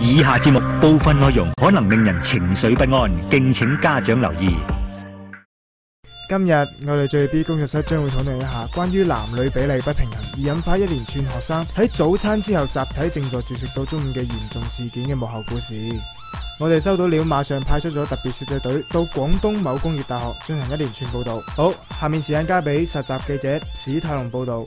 以下節目部分內容可能令人情緒不安，敬請家長留意。今日我哋最 B 工作室將會討論一下關於男女比例不平衡而引發一連串學生喺早餐之後集體靜坐絕食到中午嘅嚴重事件嘅幕後故事。我哋收到了，馬上派出咗特別攝製隊到廣東某工業大學進行一連串報道。好，下面時間交俾實習記者史泰龍報道。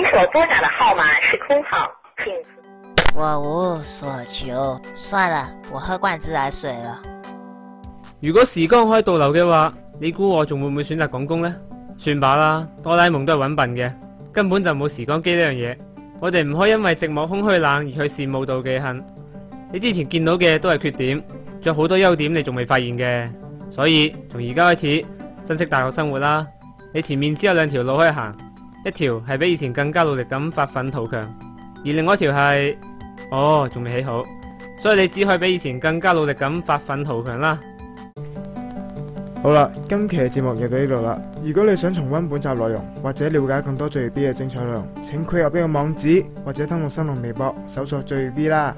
所撥打嘅號碼是空號。我無所求，算了，我喝慣自來水了。如果時光可以倒流的話，你估我仲會唔會選擇廣工呢？算吧啦，哆啦 A 夢都係揾笨嘅，根本就冇時光機呢樣嘢。我哋唔可以因為寂寞、空虛、冷而去羨慕妒忌恨。你之前見到嘅都係缺點，仲有好多優點你仲未發現嘅。所以從而家開始珍惜大學生活啦。你前面只有兩條路可以行。一條係比以前更加努力咁發奮圖強，而另外一條係，哦，仲未起好，所以你只可以比以前更加努力咁發奮圖強啦。好啦，今期嘅節目就到呢度啦。如果你想重温本集內容，或者了解更多最 B 嘅精彩內容，請跨入邊個網址，或者登錄新浪微博搜索最 B 啦。